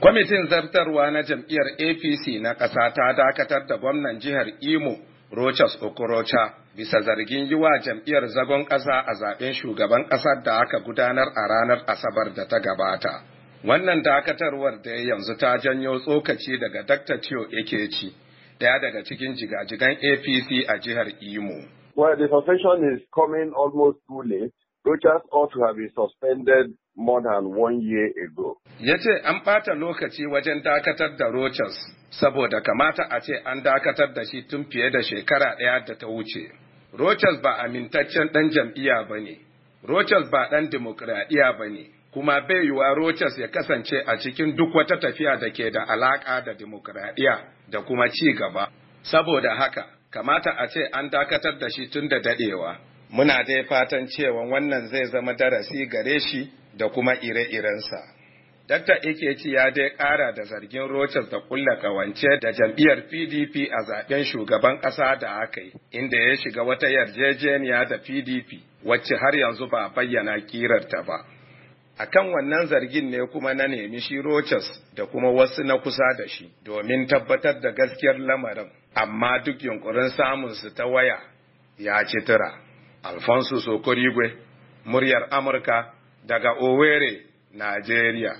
Kwamitin zartarwa na jam'iyyar APC na ƙasa ta dakatar da gwamnan jihar Imo Rochas Okorocha bisa zargin yi wa jam'iyyar zagon ƙasa a zaɓen shugaban ƙasar da aka gudanar a ranar Asabar da ta gabata. Wannan dakatarwar da yanzu ta janyo tsokaci daga Dakta Tio Ekeci, ɗaya daga cikin jigajigan APC a jihar Imo. Well, the suspension is coming almost too late. Rochas ought to have been suspended more than one year ago. Ya ce an ɓata lokaci wajen dakatar da roches saboda kamata a ce an dakatar da shi tun fiye da shekara ɗaya da ta wuce. rochers ba amintaccen ɗan jam'iyya ba ne, Rochers ba ɗan dimokuraɗiyya ba ne, kuma bai yiwuwa Rochers ya kasance a cikin duk wata tafiya da ke da alaƙa da dimokuraɗiyya da kuma ci gaba. Saboda haka, kamata a ce an dakatar da shi tun da daɗewa. Muna dai fatan cewa wannan zai zama darasi gare shi da kuma ire-irensa. Dakta Ikeci ya dai ƙara da zargin Rochas da kulla kawance da jam'iyyar PDP a zaben shugaban ƙasa da aka yi, inda ya shiga wata yarjejeniya da PDP, wacce har yanzu ba bayyana ƙirarta ba. A kan wannan zargin ne kuma na nemi shi Rochas da kuma wasu na kusa da shi domin tabbatar da gaskiyar lamarin, amma duk yunkurin samunsu ta waya ya ci tura. Alfonso Sokorigwe, muryar Amurka, daga Owerri, Najeriya.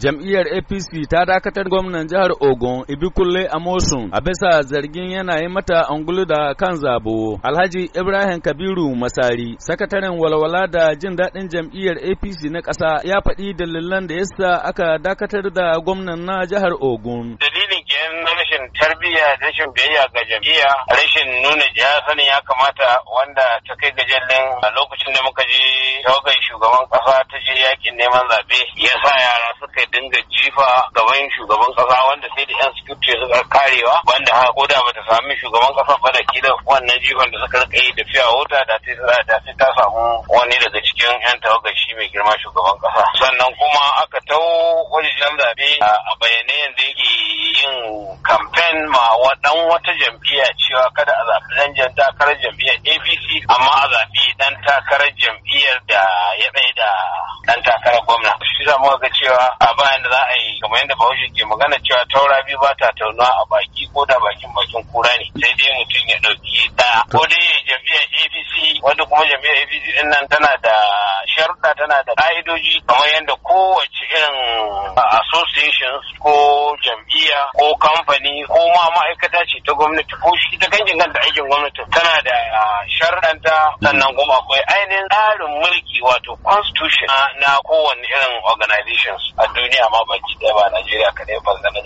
Jam'iyyar APC ta dakatar gwamnan jihar Ogun Ibikunle Amosun a bisa zargin yana yi mata angulu da kan zabo. Alhaji Ibrahim Kabiru Masari, sakataren walwala da jin daɗin jam'iyyar APC na ƙasa ya faɗi dalilan da yasa aka dakatar da gwamnan na jihar Ogun. yanayin rashin tarbiyya rashin biyayya ga jam'iyya rashin nuna jiya sanin ya kamata wanda ta kai ga a lokacin da muka je tawagar shugaban kasa ta je yakin neman zaɓe ya sa yara suka dinga jifa gaban shugaban kasa wanda sai da yan security suka karewa banda haka ko da bata sami shugaban kasa ba da kila wannan jifan da suka rika yi da fiya wuta da sai ta samu wani daga cikin yan tawagar shi mai girma shugaban kasa sannan kuma aka tau wajen zaɓe a bayanai yanzu ma dan wata jam'iyya cewa kada a zaɓi dan jan takarar jam'iyyar APC amma a zaɓi dan takarar jam'iyyar da ya tsaye da dan takarar gwamna. Shi za mu ga cewa a bayan da za a yi kamar yadda Bahaushe ke magana cewa taura biyu ba ta taunawa a baki ko da bakin bakin kura ne sai dai mutum ya ɗauki ɗaya. Ko dai jam'iyyar APC wanda kuma jam'iyyar APC ɗin nan tana da sharuɗa tana da ƙa'idoji kamar yadda kowace association ko jam'iyya ko kamfani ko ma ma'aikata ce ta gwamnati ko shi ta kanjin kanta aikin gwamnati tana da sharanta sannan kuma akwai ainihin tsarin mulki wato constitution na kowane irin organizations a duniya ma baki ɗaya ba Najeriya kaɗai ba zan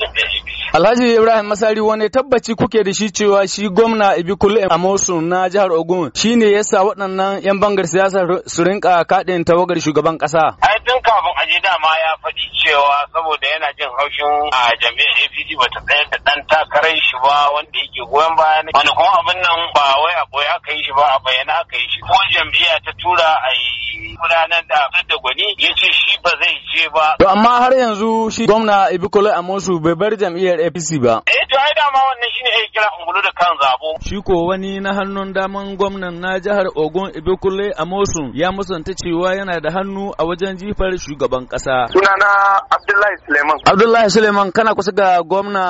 Alhaji Ibrahim Masari wani tabbaci kuke da shi cewa shi gwamna Ibikul Amosun na jihar Ogun shine yasa waɗannan 'yan bangar siyasa su rinka kaɗin tawagar shugaban ƙasa. Ai tun kafin aje dama ya faɗi cewa saboda yana jin haushin a jami'ar apc ba ta tsayar da ɗan takarar shi ba wanda yake goyon baya ne wani kuma abin nan ba wai a boye aka yi shi ba a bayyana aka yi shi ko jam'iyya ta tura a yi gudanar da da gwani ya ce shi ba zai je ba. To amma har yanzu shi gwamna Ibikola Amosu bai bar jam'iyyar APC ba. Eh to ai dama wannan shine ai kira ungulu da kan zabo. Shi ko wani na hannun daman gwamnan na jihar Ogun Ibikola Amosu ya musanta cewa yana da hannu a wajen jifar shugaban kasa. Sunana Abdullahi Suleiman. Abdullahi Suleiman kana kusa ga gwamna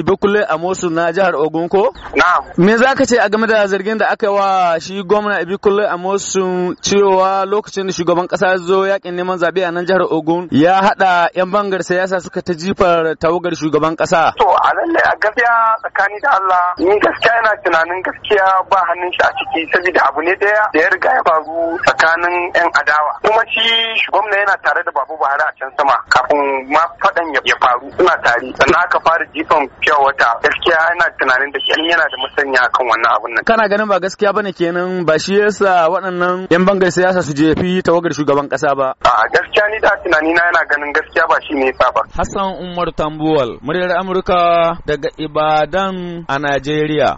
Ibikola Amosu na jihar Ogun ko? Na'am. Me za ka ce a game da zargin da aka wa shi gwamna Ibikola Amosu cewa lokacin da shugaban kasa zo yakin neman zabe a nan jihar Ogun ya haɗa 'yan bangar siyasa suka ta jifar tawagar shugaban ƙasa. To a lallai a gaskiya tsakani da Allah ni gaskiya yana tunanin gaskiya ba hannun shi a ciki saboda abu ne ɗaya da ya riga ya faru tsakanin 'yan adawa kuma shi gwamna yana tare da babu buhari a can sama kafin ma faɗan ya faru suna tare sannan aka fara jifan kyau wata gaskiya yana tunanin da shi yana da musanya kan wannan abun nan kana ganin ba gaskiya bane kenan ba shi yasa waɗannan 'yan bangar siyasa su je fi tawagar shugaban ƙasa ba a gaskiya ni da tunani na yana ganin gaskiya ba shi ne yasa ba Hassan Umar Tambuwal muryar Amurka daga Ibadan a Najeriya